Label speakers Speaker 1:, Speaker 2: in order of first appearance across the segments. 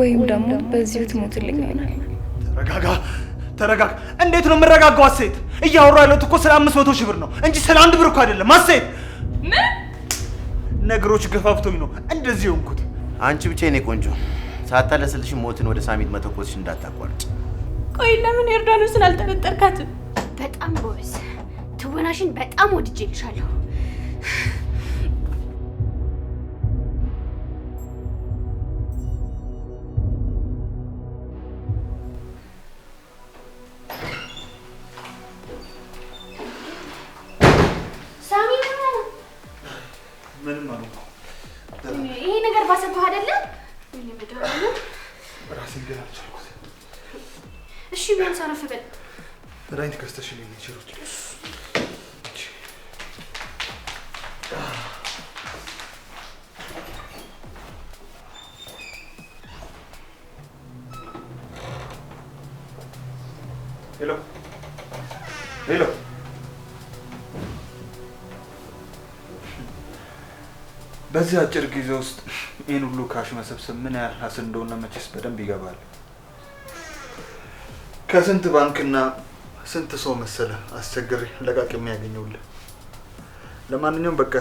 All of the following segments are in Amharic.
Speaker 1: ወይም ደግሞ በዚሁ ትሞትልኝ ይሆናል።
Speaker 2: ተረጋጋ ተረጋጋ። እንዴት ነው የምረጋጋው? አሴት እያወራ ያለሁት እኮ ስለ አምስት መቶ ሺህ ብር ነው እንጂ ስለ አንድ ብር እኮ አይደለም። አሴት ምን ነገሮች ገፋፍቶኝ ነው እንደዚህ ሆንኩት።
Speaker 3: አንቺ ብቻ የኔ ቆንጆ ሳታለስልሽ ሞትን ወደ ሳሚት መተኮስሽ እንዳታቋርጭ።
Speaker 1: ቆይ ለምን ዮርዳኖስን አልጠረጠርካትም?
Speaker 4: በጣም ጎበዝ ትወናሽን በጣም ወድጄልሻለሁ።
Speaker 2: ሌሎ በዚህ አጭር ጊዜ ውስጥ ይህን ሁሉ ካሽ መሰብሰብ ምን ያህል ሀስ እንደሆነ መቼስ በደንብ ይገባል። ከስንት ባንክና ስንት ሰው መሰለ አስቸግሬ ለቃቅ የሚያገኘውልን። ለማንኛውም በቃ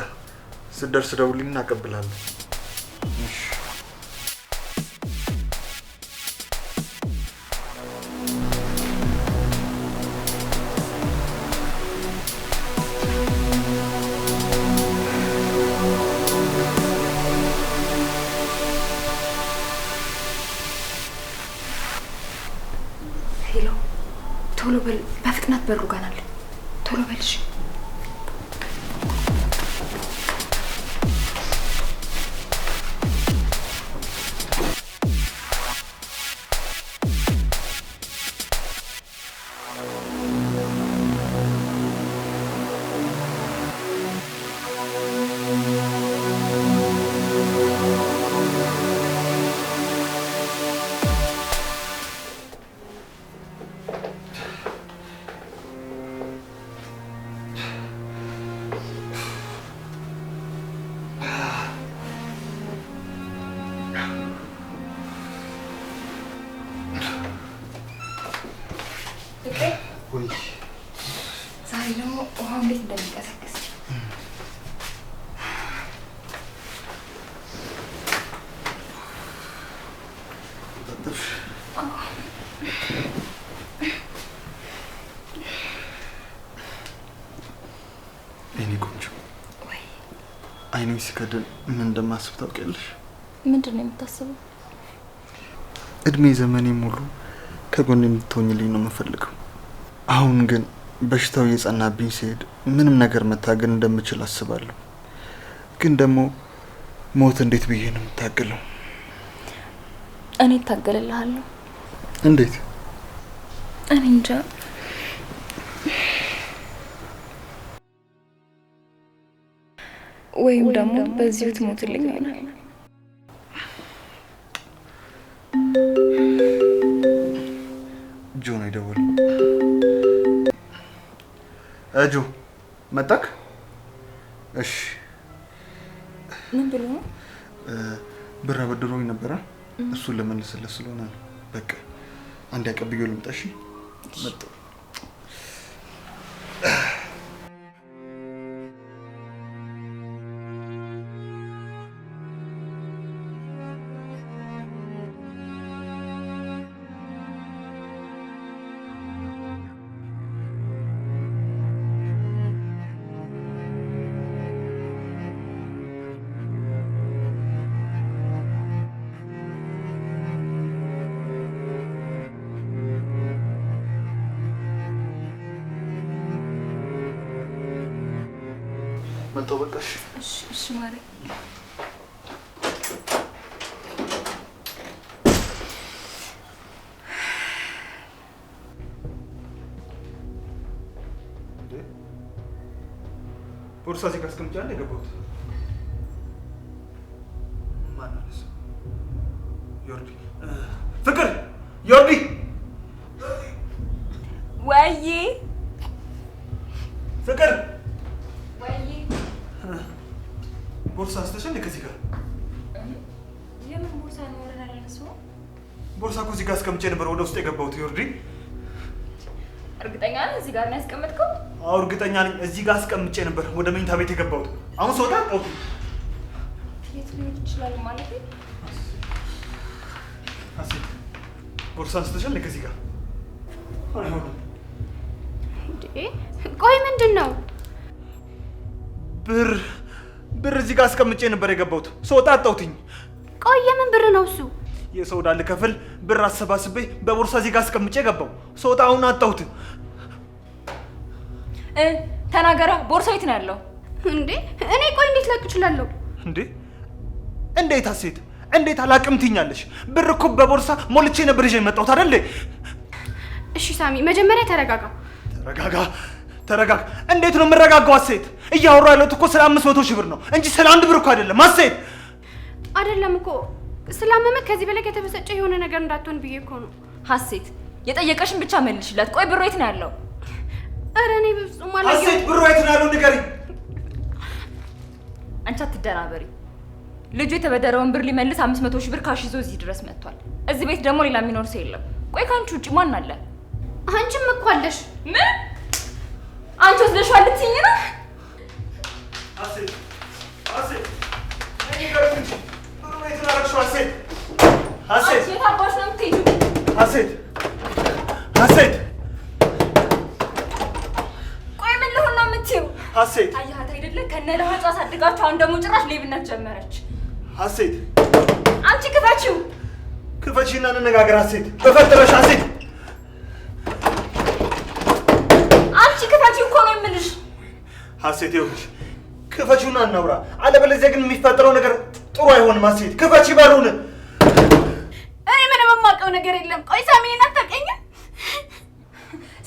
Speaker 2: ስደርስ ደውልልኝ፣ እናቀብላለሁ።
Speaker 1: ሄሎ፣ ቶሎ በል፣ በፍጥነት በሩ ጋናል። ቶሎ በልሽ
Speaker 2: Dur. የኔ ቆንጆ አይኔ ሲከደን ምን እንደማስብ ታውቂያለሽ?
Speaker 1: ምንድን ነው የምታስበው?
Speaker 2: እድሜ ዘመኔ ሙሉ ከጎን የምትሆኝልኝ ነው የምፈልገው። አሁን ግን በሽታው እየጸናብኝ ሲሄድ ምንም ነገር መታገል እንደምችል አስባለሁ። ግን ደግሞ ሞት እንዴት ብዬ ነው የምታገለው?
Speaker 1: እኔ እታገልልሃለሁ። እንዴት? እኔ እንጃ። ወይም ደግሞ በዚሁ ትሞትልኝ ይሆናል።
Speaker 2: እጆ ነው የደወለው። እጆ መጣክ? እሺ ምን ብሎ ብር አበድሮኝ ነበረ እሱን ለመልስለት ስለሆነ ነው። በቃ አንድ ያቀብዮ ልምጣ። እሺ መጣሁ። ቦርሳ እዚህ ካስቀምጫለ የገባት ማናለስ ዮርዲ ፍቅር ዮርዲ ወይ ፍቅር ወይ ቦርሳ አስተሸን ከዚህ ጋር
Speaker 1: የምን ቦርሳ ነው?
Speaker 2: ቦርሳ እኮ እዚህ ጋር አስቀምጬ ነበር ወደ ውስጥ የገባሁት ዮርዲ።
Speaker 1: እርግጠኛ ነህ እዚህ ጋር ነው ያስቀመጥከው?
Speaker 2: አዎ እርግጠኛ ነኝ። እዚህ ጋር አስቀምጬ ነበር ወደ መኝታ ቤት የገባሁት። አሁን ሰውታ ኦኬ፣
Speaker 1: የት ሊሆን ይችላል ማለት ነው?
Speaker 2: አሴት ቦርሳ አንስተሻል ከዚህ ጋር
Speaker 1: ቆይ፣ ምንድን ነው
Speaker 2: ብር ብር እዚህ ጋር አስቀምጬ ነበር የገባሁት። ስወጣ አጣሁትኝ።
Speaker 1: ቆይ የምን ብር ነው እሱ?
Speaker 2: የሰው ዕዳ ልከፍል ብር አሰባስቤ በቦርሳ እዚህ ጋር አስቀምጬ ገባሁ። ስወጣ አሁን አጣሁት።
Speaker 1: ተናገረው። ቦርሳው የት ነው ያለው? እንዴ እኔ ቆይ እንዴት ላቅ እችላለሁ?
Speaker 2: እንዴ እንዴት አሴት እንዴት አላቅም ትይኛለሽ? ብር እኮ በቦርሳ ሞልቼ ነበር ይዤ የመጣሁት አይደል?
Speaker 1: እሺ ሳሚ መጀመሪያ ተረጋጋ።
Speaker 2: ተረጋጋ ተረጋጋ። እንዴት ነው የምረጋጋው? አሴት እያወራ ያለሁት እኮ ስለ አምስት መቶ ሺህ ብር ነው እንጂ ስለ አንድ ብር እኮ አይደለም። አሴት
Speaker 1: አይደለም እኮ ስላመመት ከዚህ በላይ ከተበሳጨ የሆነ ነገር እንዳትሆን ብዬ እኮ ነው።
Speaker 4: ሀሴት የጠየቀሽን ብቻ መልሽላት። ቆይ ብሩ የት ነው ያለው?
Speaker 1: ኧረ እኔ በፍጹም
Speaker 2: አላየሁም። ሀሴት ብሩ የት ነው ያለው ንገሪኝ።
Speaker 4: አንቺ አትደናበሪ። ልጁ የተበደረውን ብር ሊመልስ አምስት መቶ ሺህ ብር ካሽ ይዞ እዚህ ድረስ መጥቷል። እዚህ ቤት ደግሞ ሌላ የሚኖር ሰው የለም። ቆይ ከአንቺ ውጭ ማን አለ?
Speaker 1: አንቺም እኮ አለሽ።
Speaker 4: ምን አንቺ ነው?
Speaker 2: ሀሴት ሀሴት ሀሴት ሀሴት ሀሴት
Speaker 1: አያት አይደለ? ከነ ለሀጫ አሳድጋችሁ አሁን ደግሞ ጭራሽ ሌብነት ጀመረች። ሀሴት አንቺ ክፈቺው፣
Speaker 2: ክፈቺና እንነጋገር። ሀሴት በፈጠረሽ ሀሴት
Speaker 1: አንቺ ክፈቺው እኮ ነው የምልሽ።
Speaker 2: ሀሴት ይኸውልሽ፣ ክፈቺውና እናውራ፣ አለበለዚያ ግን የሚፈጠረው ነገር ጥሩ አይሆንም። ሀሴት ክፈቺ በሩን።
Speaker 1: እኔ ምንም የማውቀው ነገር የለም። ቆይ ሳሚን አታውቂኝም?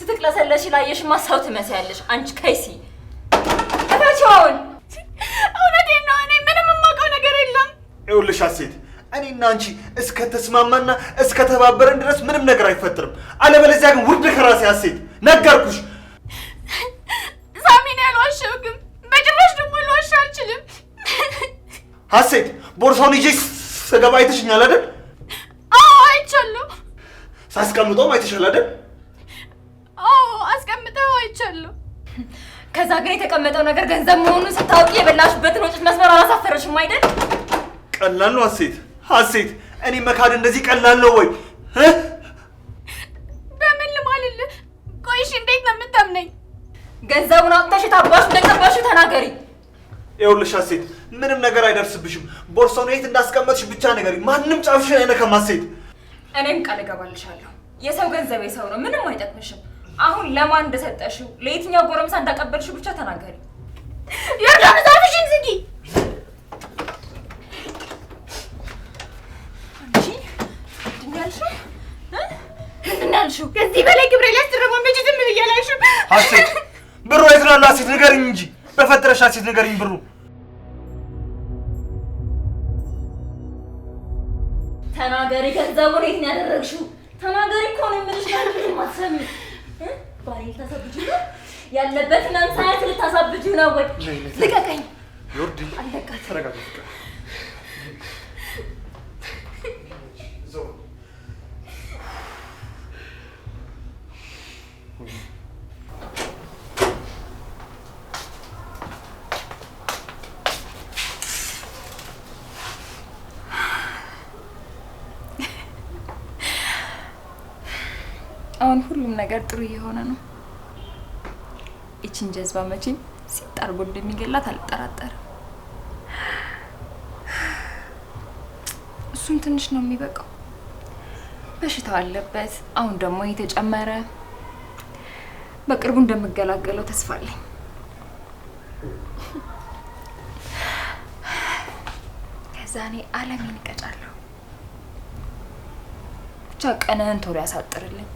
Speaker 4: ስትቅለሰለሽ ላየሽማ ሰው ትመስያለሽ አንቺ ከይሲ አሁን?
Speaker 1: እውነቴን ነው። እኔ ምንም የማውቀው ነገር የለም።
Speaker 2: ይኸውልሽ ሀሴት፣ እኔና አንቺ እስከ ተስማማና እስከ ተባበረን ድረስ ምንም ነገር አይፈጥርም። አለበለዚያ ግን ውርድ ከራሴ ሀሴት፣ ነገርኩሽ።
Speaker 1: ሳሚን ያልዋሸውግም በጭራሽ ደግሞ ልዋሻ አልችልም።
Speaker 2: ሀሴት፣ ቦርሳውን ይዤ ስገባ አይተሽኛል አይደል?
Speaker 1: አዎ አይቻለሁ።
Speaker 2: ሳስቀምጠውም አይተሻል አይደል?
Speaker 1: አዎ አስቀምጠው አይቻለሁ።
Speaker 4: ከዛ ግን የተቀመጠው ነገር ገንዘብ መሆኑን ስታውቂ የበላሽበትን ወጭት መስመር አላሳፈረሽም አይደል?
Speaker 2: ቀላል ነው ሀሴት። ሀሴት እኔ መካድ እንደዚህ ቀላል ነው ወይ?
Speaker 1: በምን ልማልልህ? ቆይሽ እንዴት ነው የምታምነኝ?
Speaker 4: ገንዘቡን አውጥተሽ የታባሽ እንደቀባሽ ተናገሪ።
Speaker 2: ይኸውልሽ ሀሴት ምንም ነገር አይደርስብሽም። ቦርሳውን የት እንዳስቀመጥሽ ብቻ ነገሪ። ማንም ጫፍሽን አይነካም ሀሴት።
Speaker 4: እኔም ቃል እገባልሻለሁ የሰው ገንዘብ የሰው ነው፣ ምንም አይጠቅምሽም። አሁን ለማን እንደሰጠሽው ለየትኛው ጎረምሳ እንዳቀበልሽው ብቻ ተናገሪ።
Speaker 1: ዮርዳኖስ አፍሽን ዝጊ።
Speaker 4: አንቺ ምንድን ያልሽው?
Speaker 1: ምንድን ከዚህ በላይ ግብሬ ሊያስደረገው መቼ ዝም ብያለሽው?
Speaker 2: ሀሴት ብሩ የት ነው ያለው? ሀሴት ንገሪኝ እንጂ በፈጠረሽ ሀሴት ንገሪኝ ብሩ
Speaker 4: ተናገሪ። ገንዘቡን የት ነው ያደረግሽው? ተናገሪ እኮ ነው የምልሽ። ማሰሚ ባሌ ነው ያለበትን ልታሳብጁ ነው ወይ? ልቀቀኝ።
Speaker 1: አሁን ሁሉም ነገር ጥሩ እየሆነ ነው። ይችን ጀዝባ መቼም ሲጣርጎ እንደሚገላት አልጠራጠርም። እሱም ትንሽ ነው የሚበቃው። በሽታው አለበት፣ አሁን ደግሞ የተጨመረ። በቅርቡ እንደምገላገለው ተስፋ አለኝ። ከዛ እኔ አለሜን እቀጫለሁ። ብቻ ቀንህን ቶሎ ያሳጥርልኝ።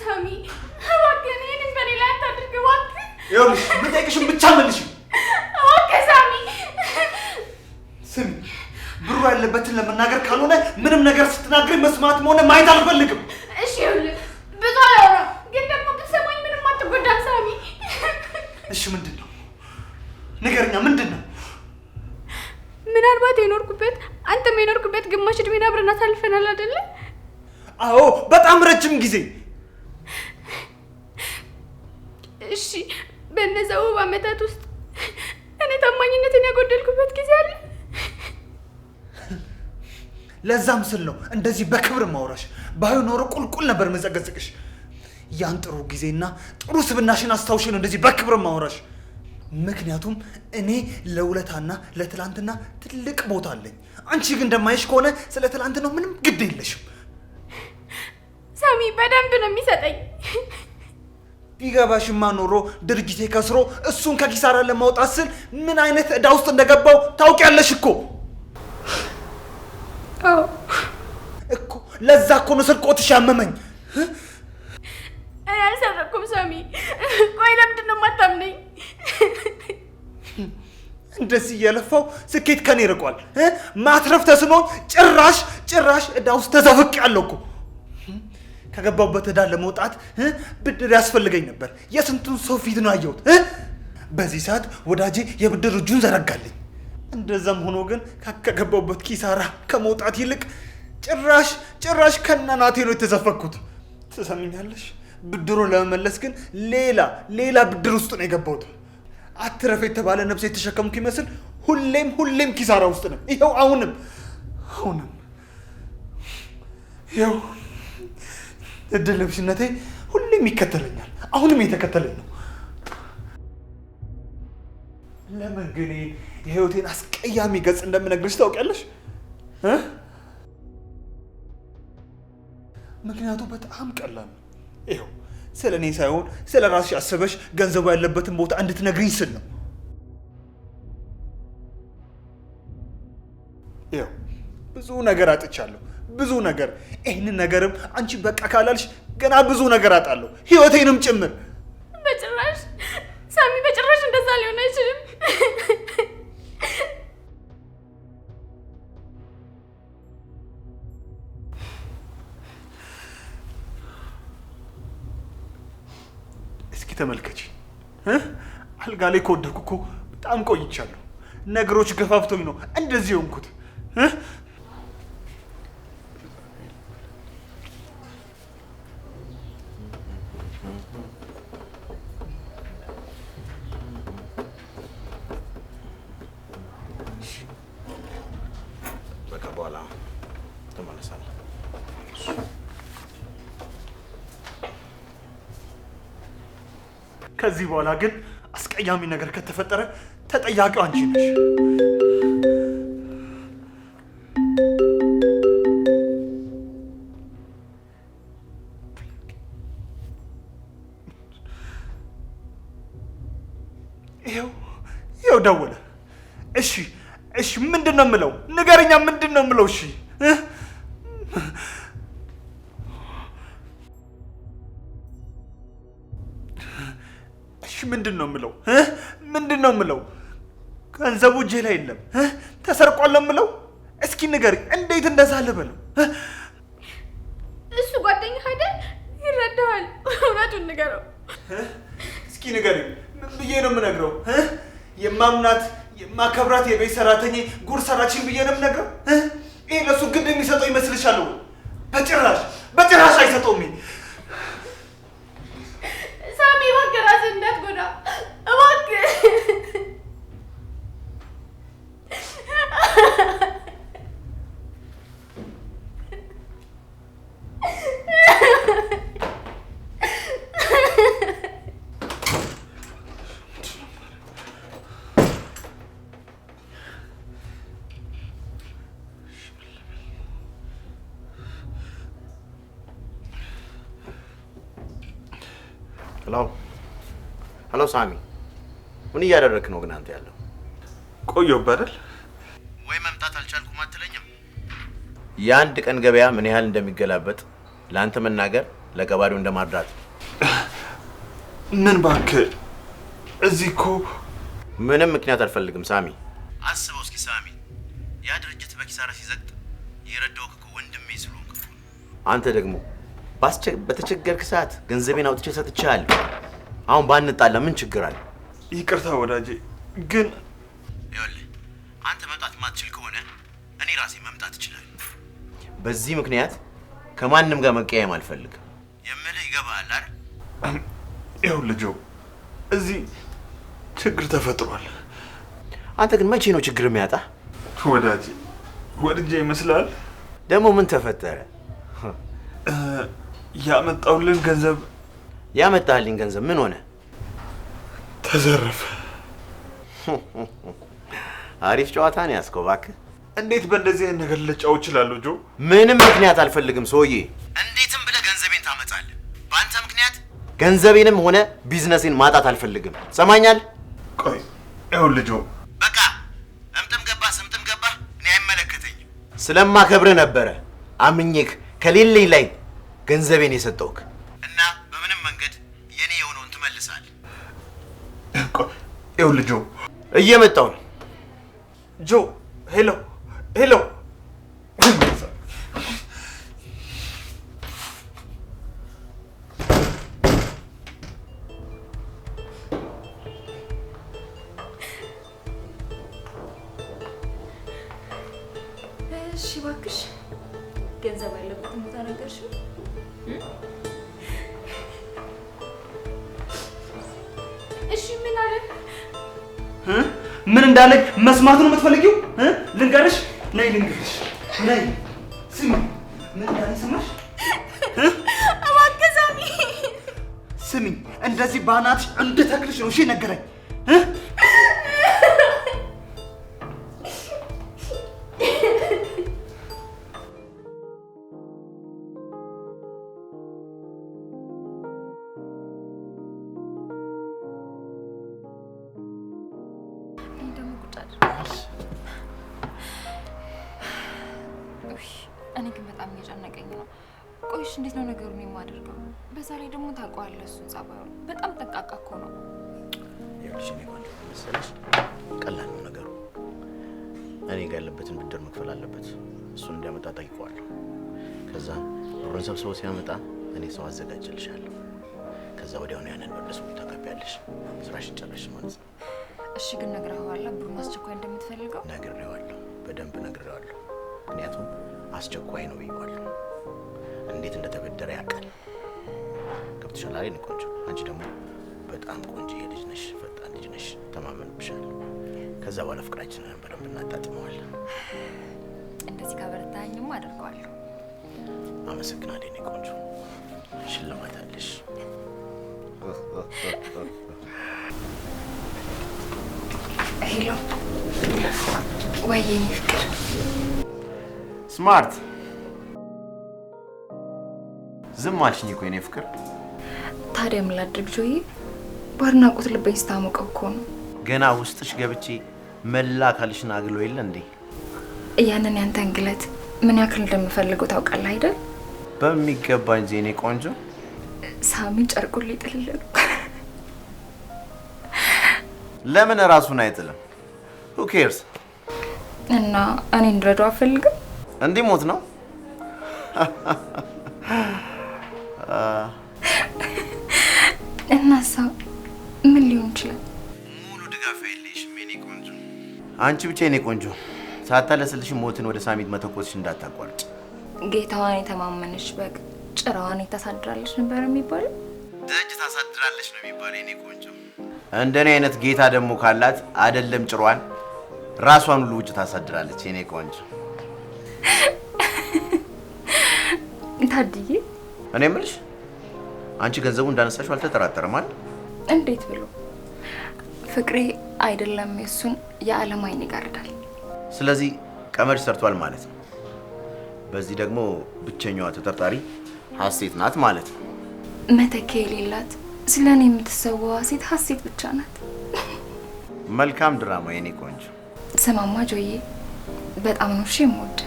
Speaker 1: ሳሚ እባክህ ይህንን በኔ ላይ አታድርግ እባክህ።
Speaker 2: ይኸውልሽ የምጠይቅሽን ብቻ መልሽ።
Speaker 1: እባክህ ሳሚ
Speaker 2: ስሚ፣ ብሩ ያለበትን ለመናገር ካልሆነ ምንም ነገር ስትናገር መስማትም ሆነ ማየት አልፈልግም።
Speaker 1: እሺ ይኸውልህ ብዙ አላወራም፣ ግን ደግሞ ብትሰማኝ ምንም አትጎዳም ሳሚ።
Speaker 2: እሺ ምንድን ነው ንገረኛ፣ ምንድን ነው?
Speaker 1: ምናልባት የኖርኩበት አንተም የኖርኩበት ግማሽ እድሜን አብረን አሳልፈናል አይደለ?
Speaker 2: አዎ በጣም ረጅም ጊዜ ለዛም ስል ነው እንደዚህ በክብር ማውራሽ። ባዩ ኖሮ ቁልቁል ነበር መዘገዘቅሽ። ያን ጥሩ ጊዜና ጥሩ ስብናሽን አስታውሽ ነው እንደዚህ በክብር ማውራሽ። ምክንያቱም እኔ ለውለታና ለትላንትና ትልቅ ቦታ አለኝ። አንቺ ግን እንደማይሽ ከሆነ ስለ ትላንት ነው ምንም ግድ የለሽም።
Speaker 1: ሳሚ በደንብ ነው የሚሰጠኝ።
Speaker 2: ቢገባሽማ ኖሮ ድርጅቴ ከስሮ እሱን ከኪሳራ ለማውጣት ስል ምን አይነት እዳ ውስጥ እንደገባው ታውቂያለሽ እኮ እኮ ለዛ እኮ ነው ስርቆትሽ ያመመኝ።
Speaker 1: እኔ አልሰረኩም ሰሚ። ቆይ ለምንድን ነው የማታምነኝ?
Speaker 2: እንደዚህ እየለፋው ስኬት ከኔ ርቋል ማትረፍ ተስኖኝ ጭራሽ ጭራሽ እዳ ውስጥ ተዘፍቅ ያለው እኮ ከገባሁበት እዳ ለመውጣት ብድር ያስፈልገኝ ነበር። የስንቱን ሰው ፊት ነው ያየሁት። በዚህ ሰዓት ወዳጄ የብድር እጁን ዘረጋልኝ። እንደዛም ሆኖ ግን ከገባሁበት ኪሳራ ከመውጣት ይልቅ ጭራሽ ጭራሽ ከነናቴ ነው የተዘፈኩት። ትሰምኛለሽ? ብድሩን ለመመለስ ግን ሌላ ሌላ ብድር ውስጥ ነው የገባሁት። አትረፍ የተባለ ነፍስ የተሸከምኩ ይመስል ሁሌም ሁሌም ኪሳራ ውስጥ ነው። ይኸው አሁንም አሁንም ይኸው እድል ለብሽነቴ ሁሌም ይከተለኛል። አሁንም የተከተለኝ ነው። ለምን ግን የህይወቴን አስቀያሚ ገጽ እንደምነግርሽ ታውቂያለሽ። ምክንያቱ በጣም ቀላል ነው። ይኸው ስለ እኔ ሳይሆን ስለ ራስሽ አስበሽ ገንዘቡ ያለበትን ቦታ እንድትነግሪኝ ስል ነው። ይኸው ብዙ ነገር አጥቻለሁ፣ ብዙ ነገር። ይህንን ነገርም አንቺ በቃ ካላልሽ ገና ብዙ ነገር አጣለሁ፣ ህይወቴንም ጭምር።
Speaker 1: በጭራሽ ሳሚ፣ በጭራሽ እንደዛ ሊሆን አይችልም።
Speaker 2: ተመልከች። አልጋ ላይ ከወደኩ እኮ በጣም ቆይቻለሁ። ነገሮች ገፋፍቶኝ ነው እንደዚህ የሆንኩት። በኋላ ግን አስቀያሚ ነገር ከተፈጠረ ተጠያቂው አንቺ ነሽ። ይኸው ይኸው ደወለ። እሺ እሺ፣ ምንድን ነው የምለው? ንገረኛ፣ ምንድን ነው የምለው? እሺ ነው የምለው። ገንዘቡ እጅህ ላይ የለም ተሰርቋል ነው የምለው። እስኪ ንገሪ እንዴት እንደዛ ልበለው?
Speaker 1: እሱ ጓደኛ አይደል ይረዳዋል። እውነቱን ንገረው
Speaker 2: እስኪ ንገሪ ብዬ ነው የምነግረው። የማምናት የማከብራት የቤት ሰራተኛ ጉር ሰራችን ብዬ ነው የምነግረው። ይሄ ለእሱ ግድ የሚሰጠው ይመስልሻል?
Speaker 3: ሀሎ ሳሚ፣ ምን እያደረግክ ነው ግን አንተ? ያለው ቆየሁብህ አይደል? ወይ መምጣት አልቻልኩም አትለኝም? የአንድ ቀን ገበያ ምን ያህል እንደሚገላበጥ ለአንተ መናገር ለገባሪው እንደማርዳት።
Speaker 2: ምን እባክህ፣ እዚህ እኮ
Speaker 3: ምንም ምክንያት አልፈልግም ሳሚ። አስበው እስኪ ሳሚ፣ ያ ድርጅት በኪሳራ ሲዘግጥ የረዳው እኮ ወንድሜ ስለሆንክ። አንተ ደግሞ በተቸገርክ ሰዓት ገንዘቤን አውጥቼ ሰጥቼሃለሁ። አሁን ባንጣላ ምን ችግር አለ?
Speaker 2: ይቅርታ ወዳጄ፣ ግን
Speaker 3: ይኸውልህ አንተ መምጣት ማትችል ከሆነ እኔ ራሴ መምጣት እችላለሁ። በዚህ ምክንያት ከማንም ጋር መቀየም አልፈልግም። የምልህ ይገባሃል አይደል?
Speaker 2: ይኸውልህ ጆ፣ እዚህ ችግር ተፈጥሯል።
Speaker 3: አንተ ግን መቼ ነው ችግር የሚያጣ?
Speaker 2: ወዳጄ፣ ወድጄ ይመስላል።
Speaker 3: ደግሞ ምን ተፈጠረ?
Speaker 2: ያመጣውልን ገንዘብ
Speaker 3: ያመጣልኝ ገንዘብ ምን ሆነ? ተዘረፈ። አሪፍ ጨዋታ ነው ያስከው። እባክህ
Speaker 2: እንዴት በእንደዚህ አይነት ነገር ልጫወት እችላለሁ? ጆ
Speaker 3: ምንም ምክንያት አልፈልግም ሰውዬ። እንዴትም ብለህ ገንዘቤን ታመጣለህ። በአንተ ምክንያት ገንዘቤንም ሆነ ቢዝነሴን ማጣት አልፈልግም። ሰማኛል?
Speaker 2: ቆይ ይኸውልህ ልጆ፣
Speaker 3: በቃ እምጥም ገባ ስምጥም ገባ እኔ አይመለከተኝም። ስለማከብርህ ነበረ አምኜክ ከሌለኝ ላይ ገንዘቤን የሰጠውክ መንገድ የኔ የሆነውን ትመልሳል። ይኸውልህ ጆ፣ እየመጣሁ ነው
Speaker 2: ጆ። ሄሎ ሄሎ መስማት ነው የምትፈልጊው? ልንገርሽ፣ ነይ ልንገርሽ፣ ነይ ስሚ። ምን እንዳለ ሰማሽ? እባክህ ስሚ፣ እንደዚህ ባናትሽ እንደተክልሽ ነው እሺ? ነገረኝ
Speaker 1: እየተጨነቀኝ ነው። ቆይሽ እንዴት ነው ነገሩን የማደርገው? በዛ ላይ ደግሞ ታውቀዋለህ እሱን ጸባዩን። በጣም ጠንቃቃ እኮ ነው።
Speaker 3: ቀላል ነው ነገሩ። እኔ ጋር ያለበትን ብድር መክፈል አለበት። እሱን እንዲያመጣ ጠይቀዋለሁ። ከዛ ብሩን ሰብስቦ ሲያመጣ እኔ ሰው አዘጋጅልሻለሁ። ከዛ ወዲያውኑ ያንን መለሱ ታቀቢያለሽ። ስራሽን ጨረሽ ማለት ነው።
Speaker 1: እሺ ግን ነግረኸዋለሁ? ብሩን አስቸኳይ እንደምትፈልገው?
Speaker 3: ነግሬዋለሁ፣ በደንብ ነግሬዋለሁ። ምክንያቱም አስቸኳይ ነው ይባል እንዴት እንደተበደረ ያውቃል። ገብቶሻል አይደል? ቆንጆ አንቺ ደግሞ በጣም ቆንጆ ልጅ ነሽ፣ ፈጣን ልጅ ነሽ። ተማመንብሻል። ከዛ በኋላ ፍቅራችንን በደንብ እናጣጥመዋለን።
Speaker 1: እንደዚህ ካበረታኝም አደርገዋለሁ።
Speaker 3: አመሰግናለሁ የኔ ቆንጆ። ሽልማት አለሽ።
Speaker 1: ሄሎ፣ ወይዬ ፍቅር
Speaker 3: ስማርት ዝም አልሽኝ እኮ የኔ ፍቅር።
Speaker 1: ታዲያ ምን ላድርግ ጆዬ፣ ባድናቆት ልበኝ ስታሞቀው እኮ ነው።
Speaker 3: ገና ውስጥሽ ገብቼ መላ አካልሽን አግሎ የለ እንዴ?
Speaker 1: ያንን ያንተን ግለት ምን ያክል እንደምፈልገው ታውቃለህ አይደል?
Speaker 3: በሚገባኝ ዜኔ ቆንጆ
Speaker 1: ሳሚ ጨርቁን ሊጥልልን
Speaker 3: ለምን እራሱን አይጥልም? ሁኬርስ
Speaker 1: እና እኔ እንድረዳው አፈልግም እንዲህ ሞት ነው። እና ሰው ምን ሊሆን ይችላል?
Speaker 3: ሙሉ ድጋፍ የለሽም የኔ ቆንጆ፣ አንቺ ብቻ የኔ ቆንጆ። ሳታለስልሽ ሞትን ወደ ሳሚት መተኮስሽ እንዳታቋርጭ።
Speaker 1: ጌታዋን የተማመነች በግ ጭራዋን ታሳድራለች ነበር የሚባለው።
Speaker 3: ደጅ ታሳድራለች ነው የሚባለው የኔ ቆንጆ። እንደኔ አይነት ጌታ ደግሞ ካላት አይደለም ጭሯን ራሷን ሁሉ ውጭ ታሳድራለች የኔ ቆንጆ። ታድዬ እኔ የምልሽ አንቺ ገንዘቡ እንዳነሳሽ አልተጠራጠረም አይደል?
Speaker 1: እንዴት ብሎ ፍቅሬ አይደለም የዓለም አይን ይጋርዳል።
Speaker 3: ስለዚህ ቀመድ ሰርቷል ማለት ነው። በዚህ ደግሞ ብቸኛዋ ተጠርጣሪ ሀሴት ናት ማለት ነው።
Speaker 1: መተኪያ የሌላት ስለ እኔ የምትሰዋዋ ሴት ሀሴት ብቻ ናት።
Speaker 3: መልካም ድራማ የኔ ቆንጆ።
Speaker 1: ስማማ ጆዬ፣ በጣም ነው እሺ የምወደ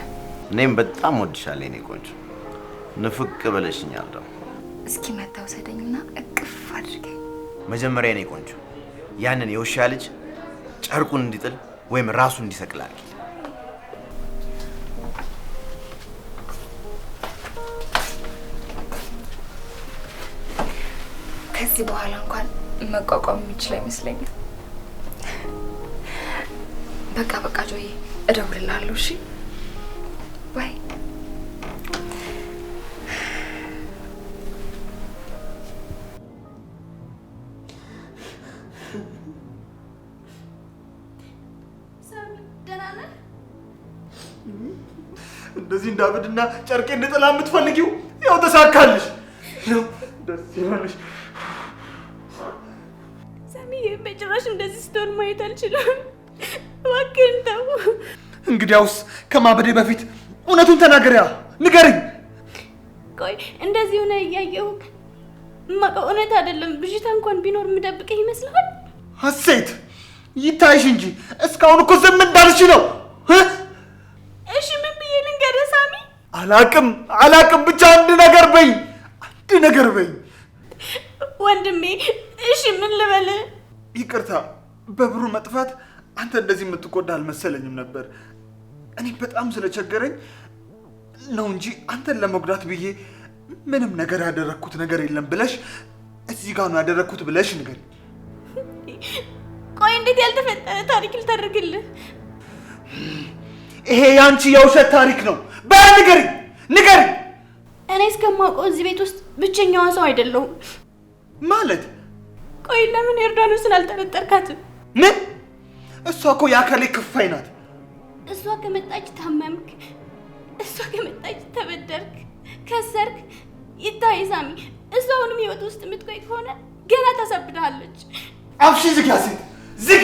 Speaker 3: እኔም በጣም ወድሻለሁ የኔ ቆንጆ። ንፍቅ ብለሽኛል። ደግሞ
Speaker 1: እስኪ መታ ውሰደኝና እቅፍ አድርገኝ።
Speaker 3: መጀመሪያ የኔ ቆንጆ ያንን የውሻ ልጅ ጨርቁን እንዲጥል ወይም ራሱን እንዲሰቅል አድርጊ።
Speaker 1: ከዚህ በኋላ እንኳን መቋቋም የሚችል አይመስለኝም። በቃ በቃ ጆዬ፣ እደውልልሃለሁ። እሺ
Speaker 2: እንዳብድና ጨርቄ እንድጥላ የምትፈልጊው ያው ተሳካልሽ። ደስ ይበልሽ።
Speaker 1: ሰሚዬ፣ በጭራሽ እንደዚህ ስትሆን ማየት አልችልም። እባክህን ተው።
Speaker 2: እንግዲያውስ ከማበዴ በፊት እውነቱን ተናገሪያ፣ ንገርኝ።
Speaker 1: ቆይ እንደዚህ ሆነ እያየሁ እማውቀው እውነት አይደለም። ብዥታ እንኳን ቢኖር የምደብቀኝ ይመስልሃል?
Speaker 2: ሀሴት፣ ይታይሽ እንጂ እስካሁን እኮ ዝም እንዳልሽ ነው። አላቅም አላቅም፣ ብቻ አንድ ነገር በይ፣ አንድ ነገር በይ
Speaker 1: ወንድሜ። እሺ ምን ልበል?
Speaker 2: ይቅርታ በብሩ መጥፋት አንተ እንደዚህ የምትጎዳ አልመሰለኝም ነበር። እኔ በጣም ስለቸገረኝ ነው እንጂ አንተን ለመጉዳት ብዬ ምንም ነገር ያደረግኩት ነገር የለም ብለሽ እዚህ ጋር ነው ያደረግኩት ብለሽ ንገሪኝ።
Speaker 1: ቆይ እንዴት ያልተፈጠረ ታሪክ ልታደርግልህ?
Speaker 2: ይሄ የአንቺ የውሸት ታሪክ ነው። በንገሪ ንገሪ።
Speaker 1: እኔ እስከማውቀው እዚህ ቤት ውስጥ ብቸኛዋ ሰው አይደለሁም። ማለት ቆይ፣ ለምን ዮርዳኖስን አልጠረጠርካትም?
Speaker 2: ምን? እሷ እኮ የአካሌ ክፋይ ናት።
Speaker 1: እሷ ከመጣች ታመምክ፣ እሷ ከመጣች ተበደርክ፣ ከሰርክ። ይታይ ሳሚ፣ እሷ አሁንም ህይወት ውስጥ የምትቆይ ከሆነ ገና ታሳብድሃለች።
Speaker 2: አብሽ ዝጊ፣ ሴት ዝጊ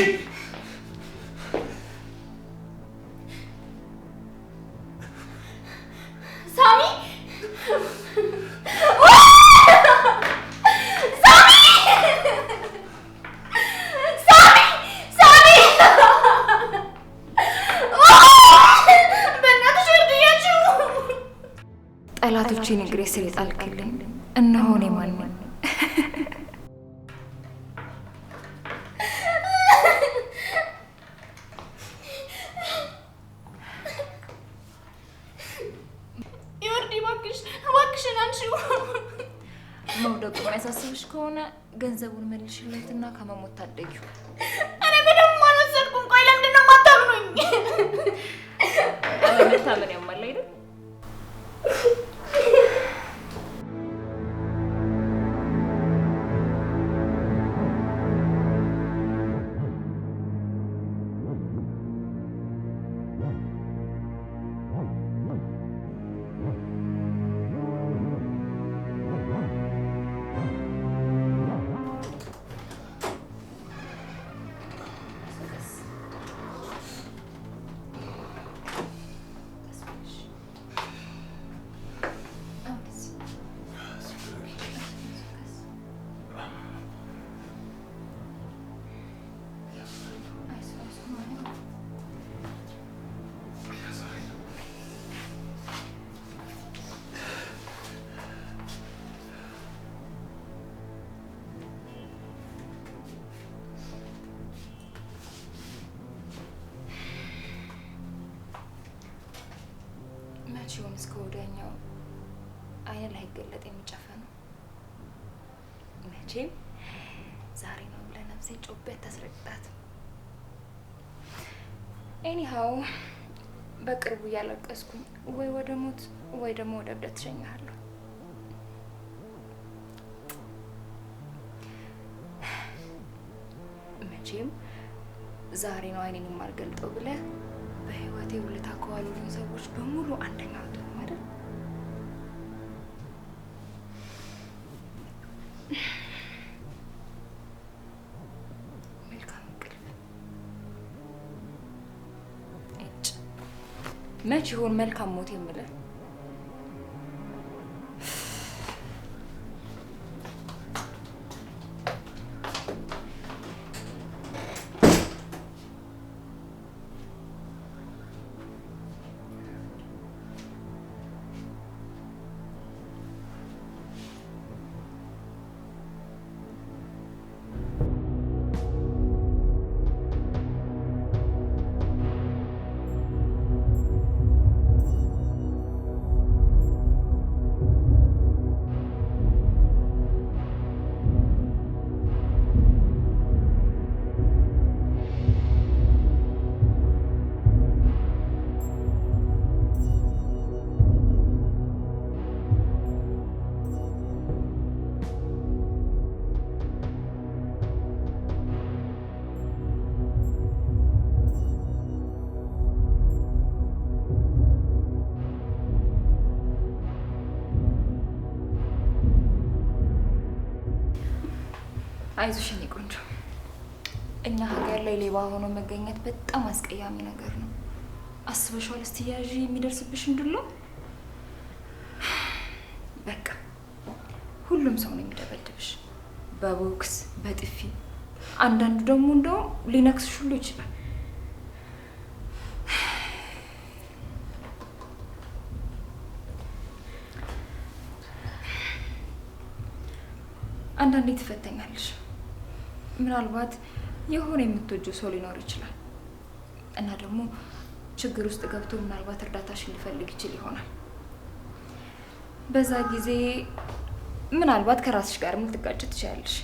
Speaker 1: ነው የምታደጊው። እኔ ምንም አልወሰድኩም። ቆይ ለምንድን ነው የማታምኑኝ? ያየችውም እስከ ወዲያኛው አይን ላይገለጥ የሚጨፈን ነው። መቼም ዛሬ ነው ብለህ ነፍሴን ጮቤ አታስረግጣት። ኤኒሃው በቅርቡ እያለቀስኩኝ ወይ ወደ ሞት ወይ ደግሞ ወደ እብደት ትሸኝሃለሁ። መቼም ዛሬ ነው አይኔን የማልገልጠው ብለህ በህይወቴ ውለታ ከዋሉልኝ ሰዎች በሙሉ አንደኛ ይሁን መልካም ሞት የምልህ አይዞሽ የኔ ቆንጆ። እኛ ሀገር ላይ ሌባ ሆኖ መገኘት በጣም አስቀያሚ ነገር ነው። አስበሽዋል? እስቲ ያዥ የሚደርስብሽ እንድሎ በቃ ሁሉም ሰው ነው የሚደበድብሽ፣ በቦክስ በጥፊ አንዳንዱ ደግሞ እንደውም ሊነክስሽ ሁሉ ይችላል። አንዳንዴ ትፈተኛለሽ። ምናልባት የሆነ የምትወጁ ሰው ሊኖር ይችላል እና ደግሞ ችግር ውስጥ ገብቶ ምናልባት እርዳታሽን ሊፈልግ ይችል ይሆናል። በዛ ጊዜ ምናልባት ከራስሽ ጋር የምትጋጭ ትችላለሽ።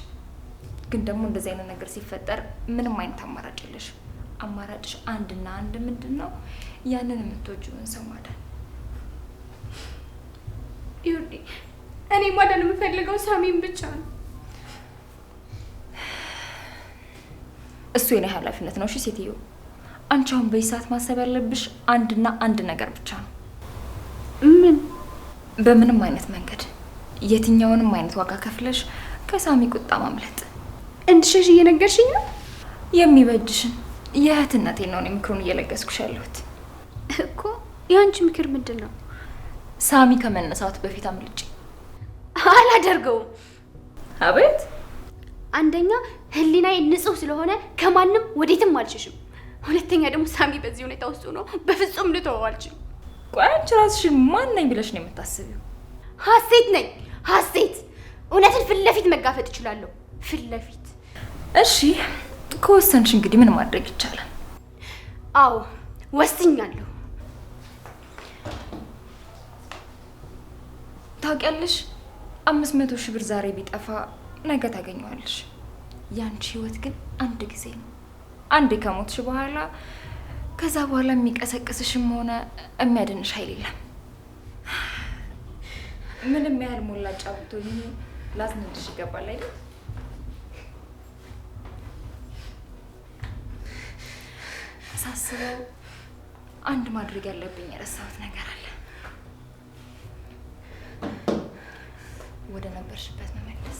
Speaker 1: ግን ደግሞ እንደዚህ አይነት ነገር ሲፈጠር ምንም አይነት አማራጭ የለሽ። አማራጭሽ አንድና አንድ ምንድን ነው? ያንን የምትወጂውን ሰው ማዳን። እኔ ማዳን የምፈልገው ሳሚን ብቻ ነው። እሱ የኔ ኃላፊነት ነው። እሺ ሴትዮ፣ አንቺ አሁን በዚህ ሰዓት ማሰብ ያለብሽ አንድና አንድ ነገር ብቻ ነው። ምን? በምንም አይነት መንገድ የትኛውንም አይነት ዋጋ ከፍለሽ ከሳሚ ቁጣ ማምለጥ። እንድሸሽ እየነገርሽኝ ነው? የሚበጅሽን የእህትነቴን ነው ምክሩን እየለገስኩሽ ያለሁት እኮ። የአንቺ ምክር ምንድን ነው? ሳሚ ከመነሳት በፊት አምልጭ። አላደርገውም። አቤት አንደኛ ህሊናዬ ንጹህ ስለሆነ ከማንም ወዴትም አልሸሽም። ሁለተኛ ደግሞ ሳሚ በዚህ ሁኔታ ውስጥ ሆኖ በፍጹም ልተወው አልችልም። ቆይ አንቺ ራስሽን ማን ነኝ ብለሽ ነው የምታስቢው? ሀሴት ነኝ ሀሴት። እውነትን ፊት ለፊት መጋፈጥ እችላለሁ ፊት ለፊት። እሺ ከወሰንሽ እንግዲህ ምን ማድረግ ይቻላል? አዎ ወስኛለሁ። ታውቂያለሽ፣ አምስት መቶ ሺህ ብር ዛሬ ቢጠፋ ነገ ታገኘዋለሽ። ያንቺ ህይወት ግን አንድ ጊዜ ነው። አንድ ከሞትሽ በኋላ ከዛ በኋላ የሚቀሰቅስሽም ሆነ የሚያድንሽ ኃይል የለም። ምንም ያህል ሞላ ጫውቶ ላስነድሽ ይገባል አይደል? ሳስበው አንድ ማድረግ ያለብኝ የረሳሁት ነገር አለ። ወደ ነበርሽበት መመለስ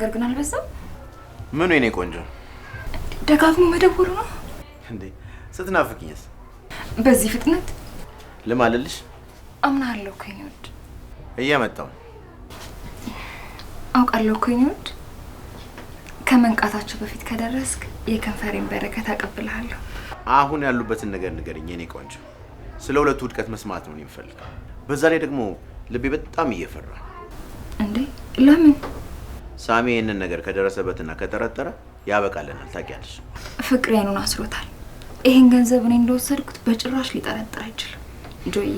Speaker 1: ነገር ግን አልበዛም? ምኑ የኔ ቆንጆ ደጋግሞ መደወሉ ነው
Speaker 3: እንዴ? ስትናፍቅኝስ
Speaker 1: በዚህ ፍጥነት ልማልልሽ? አምናለሁ እኮ የኔ ውድ። እየመጣሁ አውቃለሁ እኮ የኔ ውድ። ከመንቃታቸው በፊት ከደረስክ የከንፈሬን በረከት አቀብልሃለሁ።
Speaker 3: አሁን ያሉበትን ነገር ንገርኝ የኔ ቆንጆ። ስለ ሁለቱ ውድቀት መስማት ነው እኔ የምፈልገው። በዛ ላይ ደግሞ ልቤ በጣም እየፈራ
Speaker 1: እንዴ። ለምን
Speaker 3: ሳሚ ይህንን ነገር ከደረሰበትና ከጠረጠረ ያበቃለናል። ታውቂያለሽ፣
Speaker 1: ፍቅር አይኑን አስሮታል። ይህን ገንዘብ እኔ እንደወሰድኩት በጭራሽ ሊጠረጥር አይችልም። ጆዬ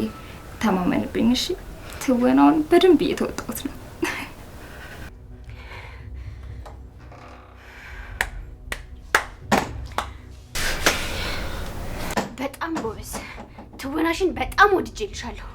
Speaker 1: ተማመንብኝ፣ እሺ? ትወናውን በደንብ እየተወጣሁት ነው። በጣም ጎበዝ፣ ትወናሽን በጣም ወድጄልሻለሁ።